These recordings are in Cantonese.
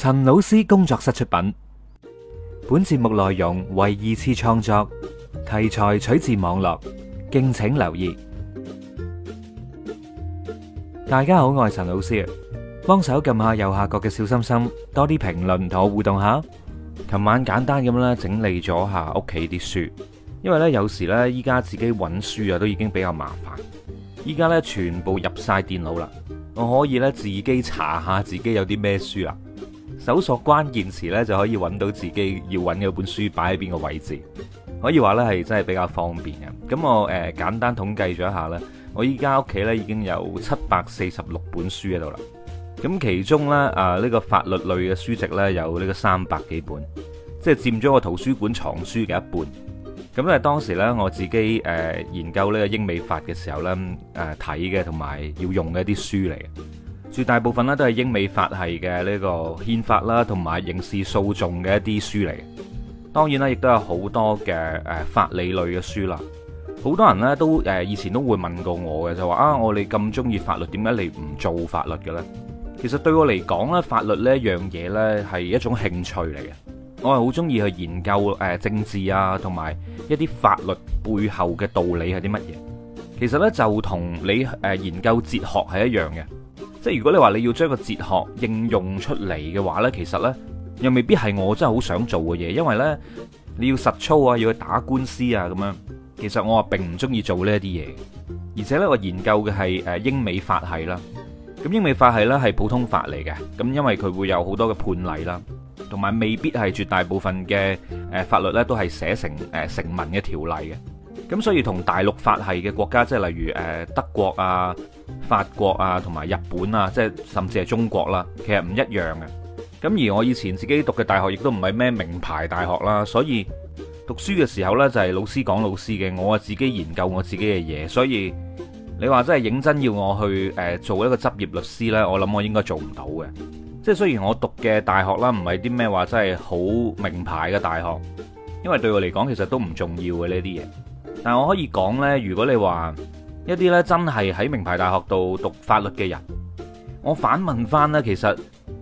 陳老師工作室出品，本節目內容為二次創作，題材取自網絡，敬請留意。大家好，我係陳老師，幫手撳下右下角嘅小心心，多啲評論同我互動下。琴晚簡單咁呢整理咗下屋企啲書，因為呢有時呢，依家自己搵書啊都已經比較麻煩，依家呢，全部入晒電腦啦，我可以呢，自己查下自己有啲咩書啊。搜索關鍵詞呢，就可以揾到自己要揾嘅本書擺喺邊個位置，可以話呢係真係比較方便嘅。咁我誒、呃、簡單統計咗一下呢，我依家屋企呢已經有七百四十六本書喺度啦。咁其中呢，啊、呃、呢、呢個法律類嘅書籍呢，有呢個三百幾本，即係佔咗我圖書館藏書嘅一半。咁係當時呢，我自己誒、呃、研究呢個英美法嘅時候呢，誒睇嘅同埋要用嘅一啲書嚟。絕大部分咧都係英美法系嘅呢個憲法啦，同埋刑事訴訟嘅一啲書嚟。當然啦，亦都有好多嘅誒法理類嘅書啦。好多人呢都誒以前都會問過我嘅，就話啊，我哋咁中意法律，點解你唔做法律嘅咧？其實對我嚟講咧，法律呢一樣嘢呢係一種興趣嚟嘅。我係好中意去研究誒政治啊，同埋一啲法律背後嘅道理係啲乜嘢。其實呢，就同你誒研究哲學係一樣嘅。即如果你話你要將個哲學應用出嚟嘅話呢，其實呢又未必係我真係好想做嘅嘢，因為呢你要實操啊，要去打官司啊咁樣。其實我話並唔中意做呢啲嘢，而且呢，我研究嘅係誒英美法系啦。咁英美法系呢係普通法嚟嘅，咁因為佢會有好多嘅判例啦，同埋未必係絕大部分嘅誒法律呢都係寫成誒成文嘅條例嘅。咁所以同大陸法系嘅國家，即係例如誒德國啊。法國啊，同埋日本啊，即係甚至係中國啦，啊，其實唔一樣嘅。咁而我以前自己讀嘅大學亦都唔係咩名牌大學啦，啊，所以讀書嘅時候呢，就係、是、老師講老師嘅，我自己研究我自己嘅嘢。所以你話真係認真要我去誒、呃、做一個執業律師呢，我諗我應該做唔到嘅。即係雖然我讀嘅大學啦唔係啲咩話真係好名牌嘅大學，因為對我嚟講其實都唔重要嘅呢啲嘢。但我可以講呢，如果你話，一啲咧真係喺名牌大學度讀法律嘅人，我反問翻呢，其實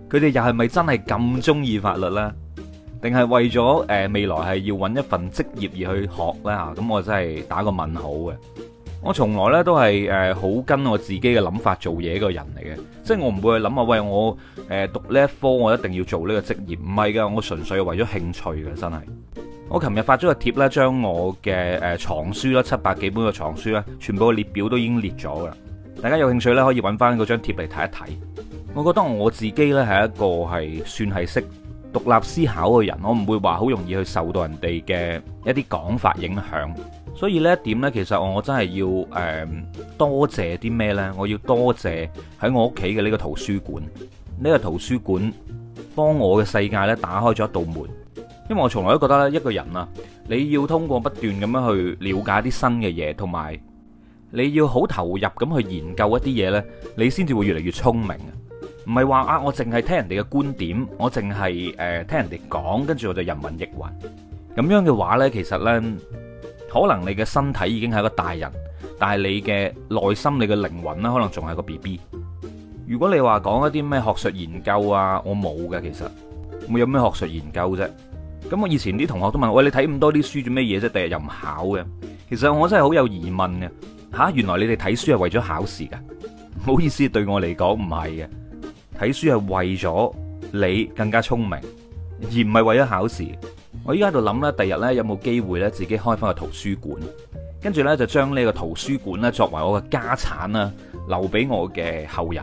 佢哋又係咪真係咁中意法律呢？定係為咗誒未來係要揾一份職業而去學呢吓？咁我真係打個問號嘅。我從來呢都係誒好跟我自己嘅諗法做嘢嘅人嚟嘅，即係我唔會去諗啊喂，我誒讀呢一科我一定要做呢個職業，唔係㗎，我純粹係為咗興趣嘅真係。我琴日發咗個貼啦，將我嘅誒藏書啦，七百幾本嘅藏書咧，全部嘅列表，都已經列咗噶啦。大家有興趣咧，可以搵翻嗰張貼嚟睇一睇。我覺得我自己咧係一個係算係識獨立思考嘅人，我唔會話好容易去受到人哋嘅一啲講法影響。所以呢一點呢，其實我真係要誒、嗯、多謝啲咩呢？我要多謝喺我屋企嘅呢個圖書館，呢、呢個圖書館幫我嘅世界咧打開咗一道門。因為我從來都覺得咧，一個人啊，你要通過不斷咁樣去了解啲新嘅嘢，同埋你要好投入咁去研究一啲嘢呢，你先至會越嚟越聰明。唔係話啊，我淨係聽人哋嘅觀點，我淨係誒聽人哋講，跟住我就人云亦云。咁樣嘅話呢，其實呢，可能你嘅身體已經係一個大人，但係你嘅內心、你嘅靈魂呢，可能仲係個 BB。如果你話講一啲咩學術研究啊，我冇嘅。其實我有咩學術研究啫？咁我以前啲同學都問我：餵，你睇咁多啲書做咩嘢啫？第日又唔考嘅。其實我真係好有疑問嘅。嚇，原來你哋睇書係為咗考試㗎？唔好意思，對我嚟講唔係嘅。睇書係為咗你更加聰明，而唔係為咗考試。我依家喺度諗咧，第日咧有冇機會咧自己開翻個圖書館，跟住咧就將呢個圖書館咧作為我嘅家產啦，留俾我嘅後人。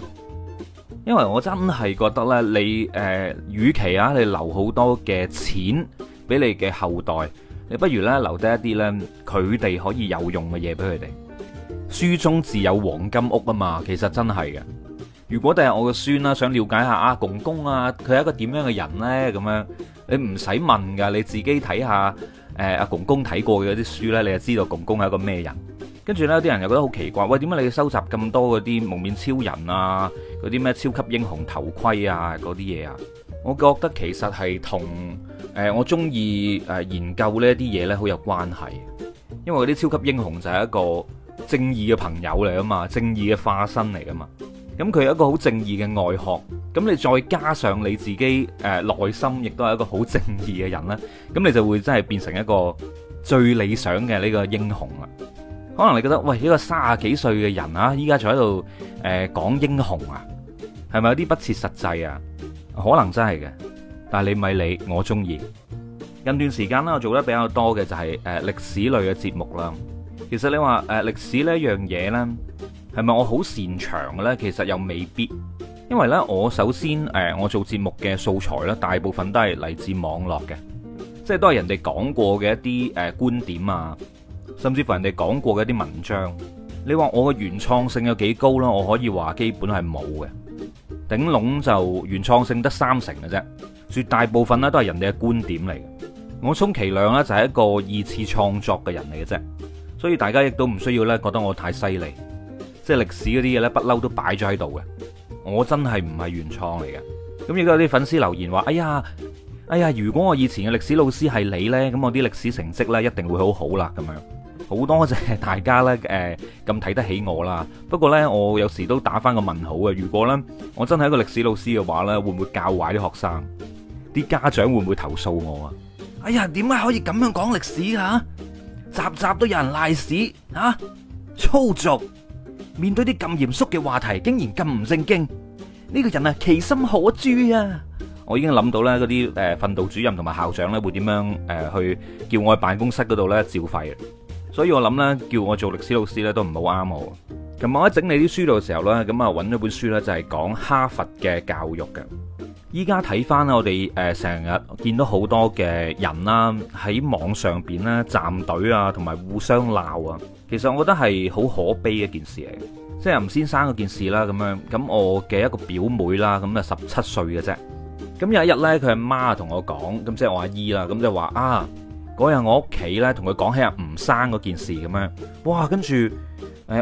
因為我真係覺得咧，你、呃、誒，與其啊，你留好多嘅錢俾你嘅後代，你不如咧留低一啲咧，佢哋可以有用嘅嘢俾佢哋。書中自有黃金屋啊嘛，其實真係嘅。如果第日我嘅孫啦想了解下阿、啊、公公啊，佢係一個點樣嘅人咧咁樣，你唔使問㗎，你自己睇下誒阿、呃、公公睇過嘅啲書咧，你就知道公公係一個咩人。跟住呢啲人又覺得好奇怪，喂，點解你收集咁多嗰啲蒙面超人啊？嗰啲咩超級英雄頭盔啊，嗰啲嘢啊？我覺得其實係同誒我中意研究呢啲嘢呢好有關係。因為嗰啲超級英雄就係一個正義嘅朋友嚟啊嘛，正義嘅化身嚟啊嘛。咁佢一個好正義嘅外殼，咁你再加上你自己誒內、呃、心亦都係一個好正義嘅人呢，咁你就會真係變成一個最理想嘅呢個英雄。可能你覺得，喂，呢個卅幾歲嘅人啊，依家仲喺度誒講英雄啊，係咪有啲不切實際啊？可能真係嘅，但係你咪理，我中意。近段時間啦，我做得比較多嘅就係、是、誒、呃、歷史類嘅節目啦。其實你話誒、呃、歷史呢樣嘢咧，係咪我好擅長嘅咧？其實又未必，因為呢我首先誒、呃、我做節目嘅素材咧，大部分都係嚟自網絡嘅，即係都係人哋講過嘅一啲誒、呃、觀點啊。甚至乎人哋講過嘅啲文章，你話我嘅原創性有幾高啦？我可以話基本係冇嘅，頂籠就原創性得三成嘅啫，絕大部分都係人哋嘅觀點嚟。我充其量就係一個二次創作嘅人嚟嘅啫，所以大家亦都唔需要覺得我太犀利。即係歷史嗰啲嘢呢，不嬲都擺咗喺度嘅，我真係唔係原創嚟嘅。咁亦都有啲粉絲留言話：「哎呀，哎呀，如果我以前嘅歷史老師係你呢，咁我啲歷史成績呢，一定會好好啦咁樣。好多謝大家咧，誒咁睇得起我啦。不過咧，我有時都打翻個問號啊。如果咧，我真係一個歷史老師嘅話咧，會唔會教壞啲學生？啲家長會唔會投訴我啊？哎呀，點解可以咁樣講歷史啊？雜雜都有人賴屎啊！粗俗，面對啲咁嚴肅嘅話題，竟然咁唔正經，呢、這個人啊，其心可誅啊！我已經諗到咧，嗰啲誒訓導主任同埋校長咧會點樣誒去、呃、叫我去辦公室嗰度咧照肺。所以我諗呢，叫我做歷史老師呢都唔好啱我咁我喺整理啲書度嘅時候呢，咁啊揾咗本書呢，就係講哈佛嘅教育嘅。依家睇翻，我哋誒成日見到好多嘅人啦，喺網上邊呢站隊啊，同埋互相鬧啊。其實我覺得係好可悲嘅一件事嚟，即係吳先生嗰件事啦。咁樣咁我嘅一個表妹啦，咁啊十七歲嘅啫。咁有一日呢，佢阿媽同我講，咁即係我阿姨啦，咁就話啊。嗰日我屋企咧，同佢講起阿吳生嗰件事咁樣，哇，跟住誒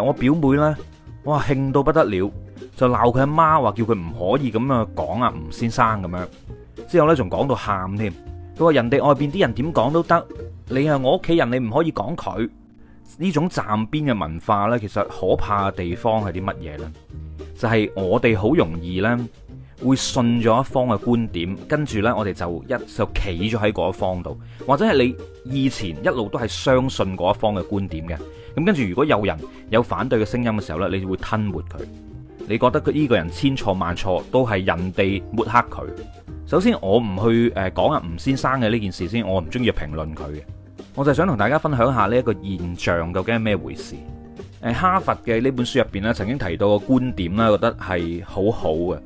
我表妹呢，哇興到不得了，就鬧佢阿媽話叫佢唔可以咁樣講阿吳先生咁樣，之後呢，仲講到喊添。佢話人哋外邊啲人點講都得，你係我屋企人，你唔可以講佢。呢種站邊嘅文化呢，其實可怕嘅地方係啲乜嘢呢？就係我哋好容易呢。會信咗一方嘅觀點，跟住呢，我哋就一就企咗喺嗰一方度，或者係你以前一路都係相信嗰一方嘅觀點嘅，咁跟住如果有人有反對嘅聲音嘅時候呢，你就會吞沒佢，你覺得佢呢個人千錯萬錯都係人哋抹黑佢。首先我唔去誒講阿吳先生嘅呢件事先，我唔中意評論佢嘅，我就係想同大家分享下呢一個現象究竟係咩回事。誒哈佛嘅呢本書入邊呢，曾經提到個觀點啦，覺得係好好嘅。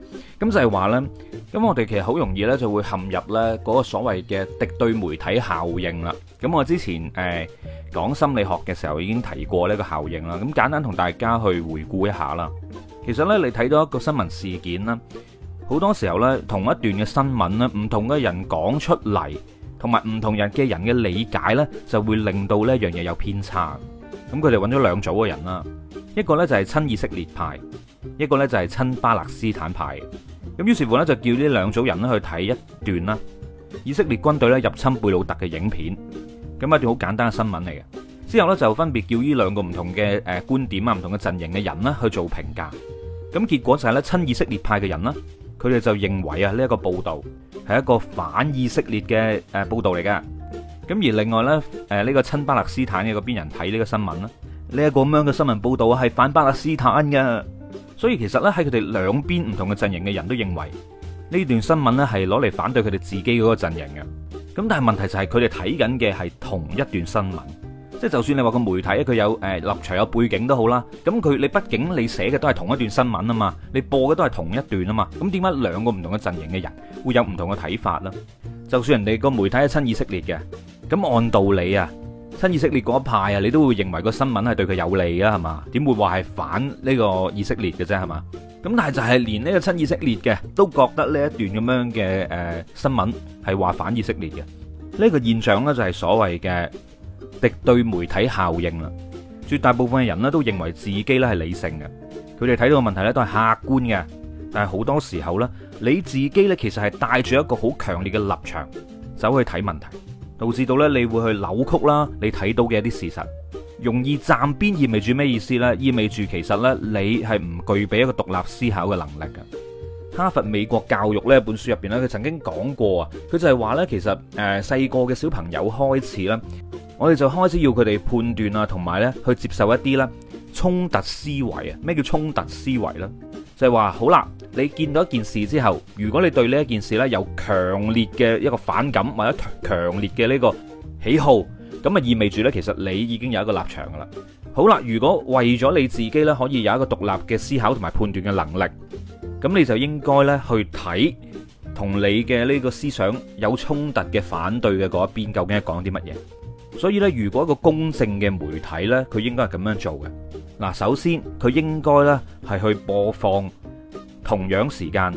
咁就係話呢，咁我哋其實好容易呢就會陷入呢嗰個所謂嘅敵對媒體效應啦。咁我之前誒講心理學嘅時候已經提過呢個效應啦。咁簡單同大家去回顧一下啦。其實呢，你睇到一個新聞事件啦，好多時候呢，同一段嘅新聞呢，唔同嘅人講出嚟，同埋唔同人嘅人嘅理解呢，就會令到呢一樣嘢有偏差。咁佢哋揾咗兩組嘅人啦，一個呢就係親以色列派，一個呢就係親巴勒斯坦派。咁於是乎呢，就叫呢兩組人咧去睇一段啦，以色列軍隊咧入侵貝魯特嘅影片。咁一段好簡單嘅新聞嚟嘅。之後呢，就分別叫呢兩個唔同嘅誒觀點啊、唔同嘅陣營嘅人呢去做評價。咁結果就係呢，親以色列派嘅人呢，佢哋就認為啊呢一個報導係一個反以色列嘅誒報導嚟㗎。咁而另外呢，誒呢個親巴勒斯坦嘅嗰邊人睇呢個新聞，呢一個咁樣嘅新聞報導係反巴勒斯坦嘅，所以其實呢，喺佢哋兩邊唔同嘅陣營嘅人都認為呢段新聞呢係攞嚟反對佢哋自己嗰個陣營嘅。咁但係問題就係佢哋睇緊嘅係同一段新聞，即係就算你話個媒體佢有誒立場有背景都好啦，咁佢你畢竟你寫嘅都係同一段新聞啊嘛，你播嘅都係同一段啊嘛，咁點解兩個唔同嘅陣營嘅人會有唔同嘅睇法呢？就算人哋個媒體係親以色列嘅。咁按道理啊，親以色列嗰一派啊，你都會認為個新聞係對佢有利啊，係嘛？點會話係反呢個以色列嘅啫，係嘛？咁但係就係連呢個親以色列嘅都覺得呢一段咁樣嘅、呃、新聞係話反以色列嘅呢，呢個現象呢，就係所謂嘅敵對媒體效應啦。絕大部分嘅人呢，都認為自己呢係理性嘅，佢哋睇到嘅問題呢都係客觀嘅，但係好多時候呢，你自己呢，其實係帶住一個好強烈嘅立場走去睇問題。導致到咧，你會去扭曲啦，你睇到嘅一啲事實，容易站邊，意味住咩意思呢？意味住其實咧，你係唔具備一個獨立思考嘅能力嘅。哈佛美國教育呢本書入邊咧，佢曾經講過啊，佢就係話咧，其實誒細個嘅小朋友開始啦，我哋就開始要佢哋判斷啊，同埋咧去接受一啲咧衝突思維啊。咩叫衝突思維咧？就係話好啦。你見到一件事之後，如果你對呢一件事呢有強烈嘅一個反感，或者強烈嘅呢個喜好，咁啊意味住呢，其實你已經有一個立場噶啦。好啦，如果為咗你自己呢，可以有一個獨立嘅思考同埋判斷嘅能力，咁你就應該呢去睇同你嘅呢個思想有衝突嘅反對嘅嗰一邊，究竟係講啲乜嘢？所以呢，如果一個公正嘅媒體呢，佢應該係咁樣做嘅。嗱，首先，佢應該呢係去播放。同樣時間，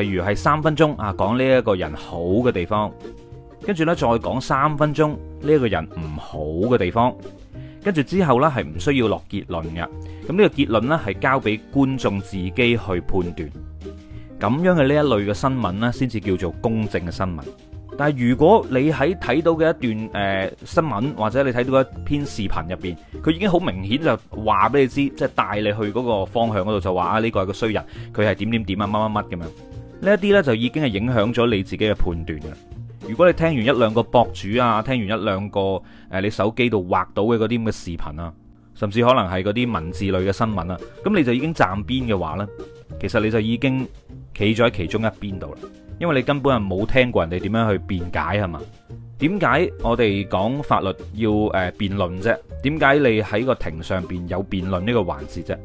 例如係三分鐘啊，講呢一個人好嘅地方，跟住咧再講三分鐘呢一個人唔好嘅地方，跟住之後咧係唔需要落結論嘅，咁呢個結論咧係交俾觀眾自己去判斷。咁樣嘅呢一類嘅新聞咧，先至叫做公正嘅新聞。但係如果你喺睇到嘅一段誒、呃、新聞，或者你睇到一篇視頻入邊，佢已經好明顯就話俾你知，即、就、係、是、帶你去嗰個方向嗰度，就話啊呢個係個衰人，佢係點點點啊乜乜乜咁樣，怎樣，怎樣，怎樣，怎樣。呢一啲呢，就已經係影響咗你自己嘅判斷㗎。如果你聽完一兩個博主啊，聽完一兩個誒你手機度畫到嘅嗰啲咁嘅視頻啊，甚至可能係嗰啲文字類嘅新聞啊，咁你就已經站邊嘅話呢，其實你就已經企咗喺其中一邊度啦。因為你根本係冇聽過人哋點樣去辯解係嘛？點解我哋講法律要誒辯論啫？點解你喺個庭上邊有辯論呢個環節啫？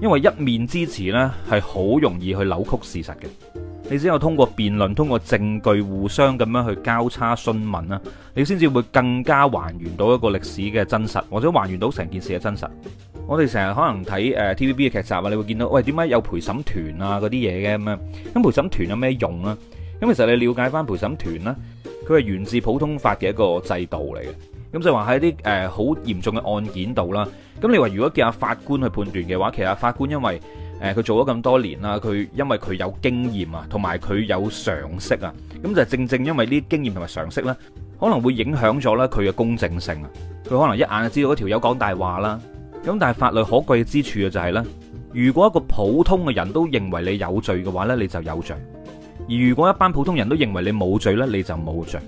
因為一面之詞呢，係好容易去扭曲事實嘅。你只有通過辯論，通過證據互相咁樣去交叉詢問啦，你先至會更加還原到一個歷史嘅真實，或者還原到成件事嘅真實。我哋成日可能睇誒 TVB 嘅劇集啊，你會見到，喂，點解有陪審團啊嗰啲嘢嘅咁樣？咁陪審團有咩用啊？咁其實你了解翻陪審團啦，佢係源自普通法嘅一個制度嚟嘅。咁就話喺啲誒好嚴重嘅案件度啦，咁你話如果叫阿法官去判斷嘅話，其實法官因為誒佢做咗咁多年啦，佢因為佢有經驗啊，同埋佢有常識啊，咁就正正因為呢啲經驗同埋常識呢，可能會影響咗呢佢嘅公正性啊。佢可能一眼就知道嗰條友講大話啦。咁但係法律可貴之處嘅就係呢，如果一個普通嘅人都認為你有罪嘅話呢，你就有罪；而如果一班普通人都認為你冇罪呢，你就冇罪。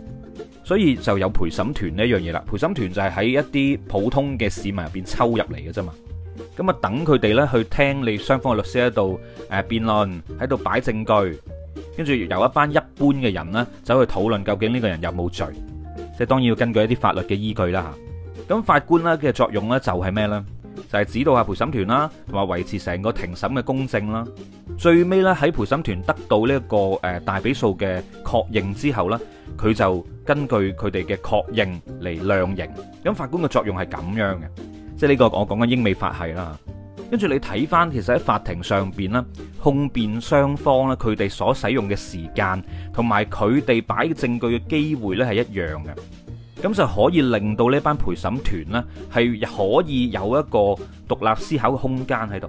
所以就有陪審團呢一樣嘢啦。陪審團就係喺一啲普通嘅市民入邊抽入嚟嘅啫嘛。咁啊，等佢哋咧去聽你雙方嘅律師喺度誒辯論，喺度擺證據，跟住由一班一般嘅人咧走去討論究竟呢個人有冇罪，即係當然要根據一啲法律嘅依據啦嚇。咁法官咧嘅作用咧就係咩呢？就係指導下陪審團啦，同埋維持成個庭審嘅公正啦。最尾咧喺陪審團得到呢一個誒大比數嘅確認之後呢，佢就根據佢哋嘅確認嚟量刑。咁法官嘅作用係咁樣嘅。即、這、呢個我講嘅英美法系啦，跟住你睇翻其實喺法庭上邊咧，控辯雙方咧，佢哋所使用嘅時間同埋佢哋擺嘅證據嘅機會咧係一樣嘅，咁就可以令到呢班陪審團咧係可以有一個獨立思考嘅空間喺度，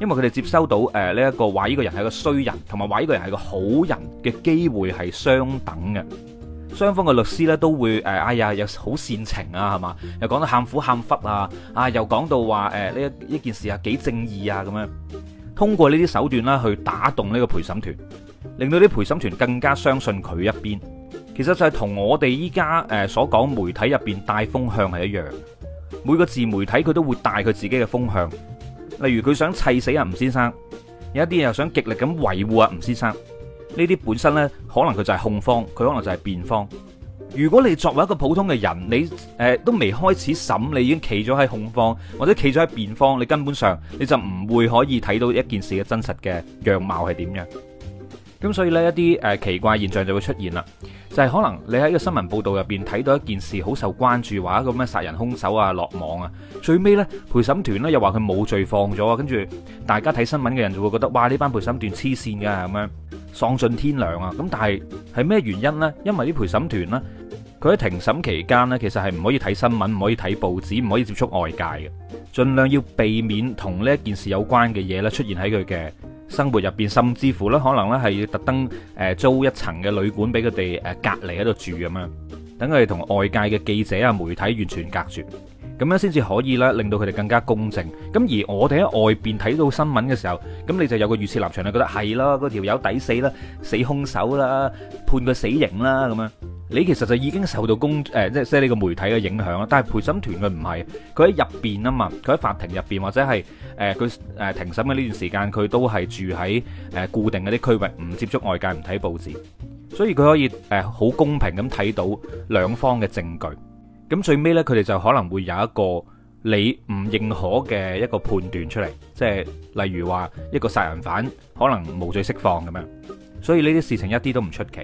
因為佢哋接收到誒、這、呢、個、一個話呢個人係個衰人，同埋話呢個人係個好人嘅機會係相等嘅。雙方嘅律師咧都會誒，哎呀又好煽情啊，係嘛，又講到喊苦喊忽啊，啊又講到話誒呢呢件事啊幾正義啊咁樣，通過呢啲手段啦去打動呢個陪審團，令到啲陪審團更加相信佢一邊。其實就係同我哋依家誒所講媒體入邊帶風向係一樣，每個自媒體佢都會帶佢自己嘅風向，例如佢想砌死阿吳先生，有一啲又想極力咁維護阿吳先生。呢啲本身呢，可能佢就係控方，佢可能就係辯方。如果你作為一個普通嘅人，你誒、呃、都未開始審，你已經企咗喺控方或者企咗喺辯方，你根本上你就唔會可以睇到一件事嘅真實嘅樣貌係點樣。咁所以呢，一啲誒、呃、奇怪現象就會出現啦。就係、是、可能你喺個新聞報道入邊睇到一件事好受關注，話一個咁嘅殺人兇手啊落網啊，最尾呢，陪審團咧又話佢冇罪放咗啊。跟住大家睇新聞嘅人就會覺得哇，呢班陪審團黐線噶咁樣。係咪？喪盡天良啊！咁但係係咩原因呢？因為啲陪審團呢，佢喺庭審期間呢，其實係唔可以睇新聞、唔可以睇報紙、唔可以接觸外界嘅，儘量要避免同呢件事有關嘅嘢咧出現喺佢嘅生活入邊，甚至乎咧可能咧係要特登誒租一層嘅旅館俾佢哋誒隔離喺度住咁樣，等佢哋同外界嘅記者啊、媒體完全隔絕。咁樣先至可以啦，令到佢哋更加公正。咁而我哋喺外邊睇到新聞嘅時候，咁你就有個預設立場，你覺得係啦，嗰條友抵死啦，死兇手啦，判個死刑啦咁樣。你其實就已經受到公誒，即係呢個媒體嘅影響啦。但係陪審團佢唔係，佢喺入邊啊嘛，佢喺法庭入邊或者係誒佢誒庭審嘅呢段時間，佢都係住喺誒固定嗰啲區域，唔接觸外界，唔睇報紙，所以佢可以誒好公平咁睇到兩方嘅證據。咁最尾呢，佢哋就可能會有一個你唔認可嘅一個判斷出嚟，即係例如話一個殺人犯可能無罪釋放咁樣，所以呢啲事情一啲都唔出奇。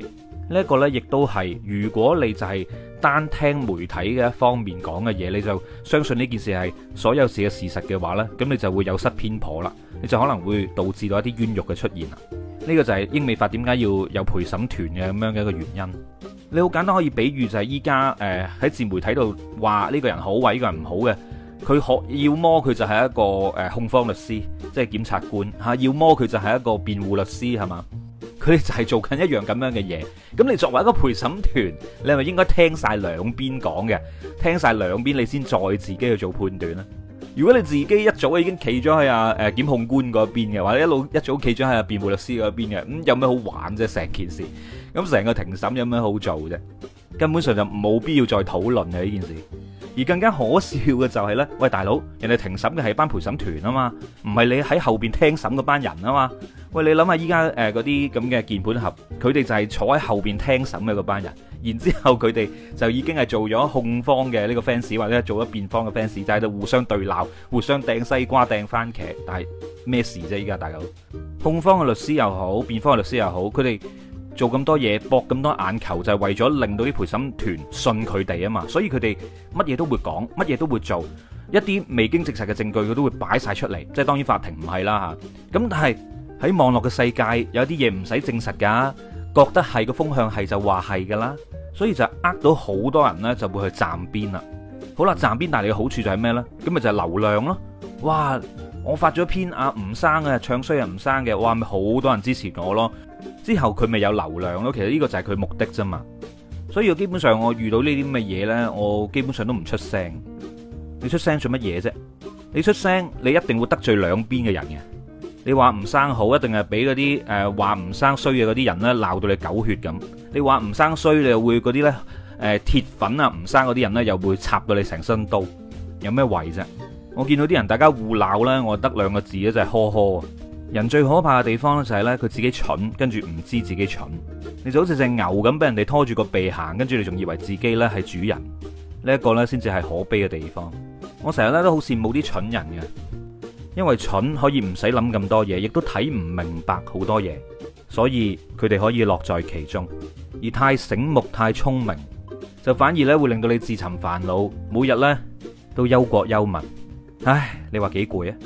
這個、呢一個咧，亦都係如果你就係單聽媒體嘅一方面講嘅嘢，你就相信呢件事係所有事嘅事實嘅話呢，咁你就會有失偏頗啦，你就可能會導致到一啲冤獄嘅出現啦。呢、這個就係英美法點解要有陪審團嘅咁樣嘅一個原因。你好簡單可以比喻就係依家喺自媒體度話呢個人好或者呢個人唔好嘅，佢學要麼佢就係一個誒、呃、控方律師，即係檢察官、啊、要麼佢就係一個辯護律師係嘛，佢哋就係做緊一樣咁樣嘅嘢。咁你作為一個陪審團，你係咪應該聽曬兩邊講嘅？聽曬兩邊你先再自己去做判斷呢？如果你自己一早已經企咗喺啊誒檢控官嗰邊嘅，或者一路一早企咗喺啊辯護律師嗰邊嘅，咁有咩好玩啫？成件事，咁成個庭審有咩好做啫？根本上就冇必要再討論嘅呢件事，而更加可笑嘅就係呢：喂，大佬，人哋庭審嘅係班陪審團啊嘛，唔係你喺後面聽審嗰班人啊嘛。喂，你諗下依家誒嗰啲咁嘅鍵盤俠，佢哋就係坐喺後面聽審嘅嗰班人，然之後佢哋就已經係做咗控方嘅呢個 fans，或者做咗辯方嘅 fans，就喺度互相對鬧，互相掟西瓜掟番茄，但係咩事啫？依家大佬，控方嘅律師又好，辯方嘅律師又好，佢哋。做咁多嘢搏咁多眼球就係、是、為咗令到啲陪審團信佢哋啊嘛，所以佢哋乜嘢都會講，乜嘢都會做，一啲未經證實嘅證據佢都會擺晒出嚟，即係當然法庭唔係啦咁，但係喺網絡嘅世界有啲嘢唔使證實噶、啊，覺得係個風向係就話係噶啦，所以就呃到好多人呢就會去站邊啦。好啦，站邊帶嚟嘅好處就係咩呢？咁咪就係流量咯。哇，我發咗篇啊吳生啊唱衰啊吳生嘅，哇咪好多人支持我咯。之後佢咪有流量咯，其實呢個就係佢目的啫嘛。所以我基本上我遇到呢啲咁嘅嘢呢，我基本上都唔出聲。你出聲做乜嘢啫？你出聲你一定會得罪兩邊嘅人嘅。你話唔生好，一定係俾嗰啲誒話唔生衰嘅嗰啲人咧鬧到你狗血咁。你話唔生衰，你又會嗰啲呢誒鐵粉啊唔生嗰啲人呢，又會插到你成身刀。有咩為啫？我見到啲人大家互鬧呢，我得兩個字咧就係、是、呵呵。人最可怕嘅地方咧，就係咧佢自己蠢，跟住唔知自己蠢。你就好似隻牛咁，俾人哋拖住個鼻行，跟住你仲以為自己咧係主人。呢一個呢，先至係可悲嘅地方。我成日咧都好羨慕啲蠢人嘅，因為蠢可以唔使諗咁多嘢，亦都睇唔明白好多嘢，所以佢哋可以樂在其中。而太醒目、太聰明，就反而咧會令到你自尋煩惱，每日咧都憂國憂民。唉，你話幾攰啊？